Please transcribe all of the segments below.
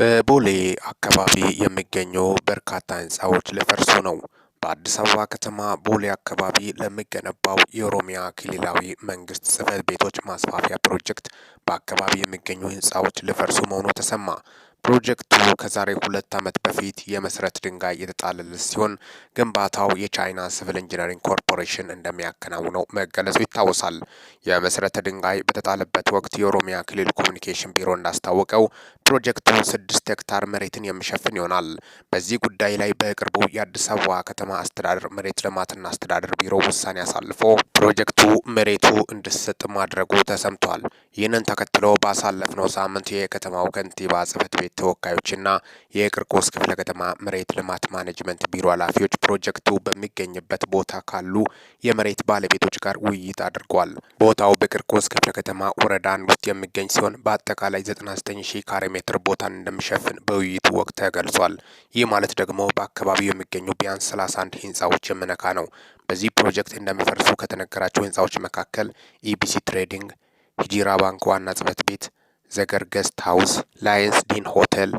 በቦሌ አካባቢ የሚገኙ በርካታ ህንፃዎች ሊፈርሱ ነው። በአዲስ አበባ ከተማ ቦሌ አካባቢ ለሚገነባው የኦሮሚያ ክልላዊ መንግስት ጽህፈት ቤቶች ማስፋፊያ ፕሮጀክት በአካባቢ የሚገኙ ህንፃዎች ሊፈርሱ መሆኑ ተሰማ። ፕሮጀክቱ ከዛሬ ሁለት ዓመት በፊት የመሰረት ድንጋይ የተጣለለት ሲሆን ግንባታው የቻይና ሲቪል ኢንጂነሪንግ ኮርፖሬሽን እንደሚያከናውነው መገለጹ ይታወሳል። የመሰረተ ድንጋይ በተጣለበት ወቅት የኦሮሚያ ክልል ኮሚኒኬሽን ቢሮ እንዳስታወቀው ፕሮጀክቱ ስድስት ሄክታር መሬትን የሚሸፍን ይሆናል። በዚህ ጉዳይ ላይ በቅርቡ የአዲስ አበባ ከተማ አስተዳደር መሬት ልማትና አስተዳደር ቢሮ ውሳኔ አሳልፎ ፕሮጀክቱ መሬቱ እንዲሰጥ ማድረጉ ተሰምቷል። ይህንን ተከትሎ ባሳለፍነው ሳምንት የከተማው ከንቲባ ጽህፈት ቤት ተወካዮችና የቂርቆስ ክፍለ ከተማ መሬት ልማት ማኔጅመንት ቢሮ ኃላፊዎች ፕሮጀክቱ በሚገኝበት ቦታ ካሉ የመሬት ባለቤቶች ጋር ውይይት አድርጓል። ቦታው በቂርቆስ ክፍለ ከተማ ወረዳን ውስጥ የሚገኝ ሲሆን በአጠቃላይ 99 ሺህ ካሬ ሜትር ቦታን እንደሚሸፍን በውይይቱ ወቅት ተገልጿል። ይህ ማለት ደግሞ በአካባቢው የሚገኙ ቢያንስ 31 ህንፃዎች የምነካ ነው። በዚህ ፕሮጀክት እንደሚፈርሱ ከተነገራቸው ህንፃዎች መካከል ኢቢሲ ትሬዲንግ፣ ሂጂራ ባንክ ዋና ጽህፈት ቤት፣ ዘገር ገስት ሃውስ፣ ላየንስ ዲን ሆቴል፣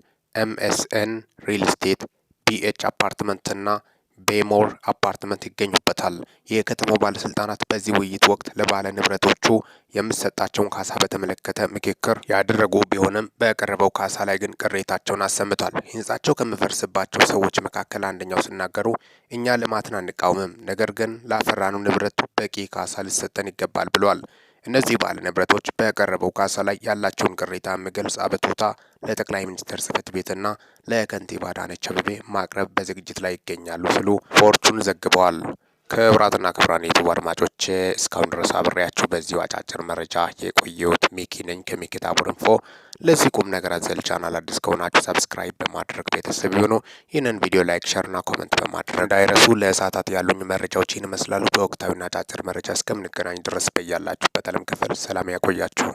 ኤምኤስኤን ሪል ስቴት፣ ቢኤች አፓርትመንትና ቤሞር አፓርትመንት ይገኙበታል። የከተማው ባለስልጣናት በዚህ ውይይት ወቅት ለባለ ንብረቶቹ የሚሰጣቸውን ካሳ በተመለከተ ምክክር ያደረጉ ቢሆንም በቀረበው ካሳ ላይ ግን ቅሬታቸውን አሰምቷል። ህንጻቸው ከምፈርስባቸው ሰዎች መካከል አንደኛው ሲናገሩ እኛ ልማትን አንቃወምም፣ ነገር ግን ላፈራኑ ንብረት በቂ ካሳ ሊሰጠን ይገባል ብሏል። እነዚህ ባለ ንብረቶች በቀረበው ካሳ ላይ ያላቸውን ቅሬታ የሚገልጽ አቤቱታ ለጠቅላይ ሚኒስትር ጽህፈት ቤትና ለከንቲባ አዳነች አቤቤ ማቅረብ በዝግጅት ላይ ይገኛሉ ሲሉ ፎርቹን ዘግበዋል። ክብራትና ክብራን ዩቱብ አድማጮች እስካሁን ድረስ አብሬያችሁ በዚሁ አጫጭር መረጃ የቆየሁት ሚኪ ነኝ ከሚኪ ታቦር ኢንፎ። ለዚህ ቁም ነገር አዘል ቻናል አዲስ ከሆናችሁ ሰብስክራይብ በማድረግ ቤተሰብ ይሁኑ። ይህንን ቪዲዮ ላይክ፣ ሸርና ኮመንት በማድረግ እንዳይረሱ። ለእሳታት ያሉኝ መረጃዎች ይህን ይመስላሉ። በወቅታዊና አጫጭር መረጃ እስከምንገናኝ ድረስ በያላችሁበት ዓለም ክፍል ሰላም ያቆያችሁ።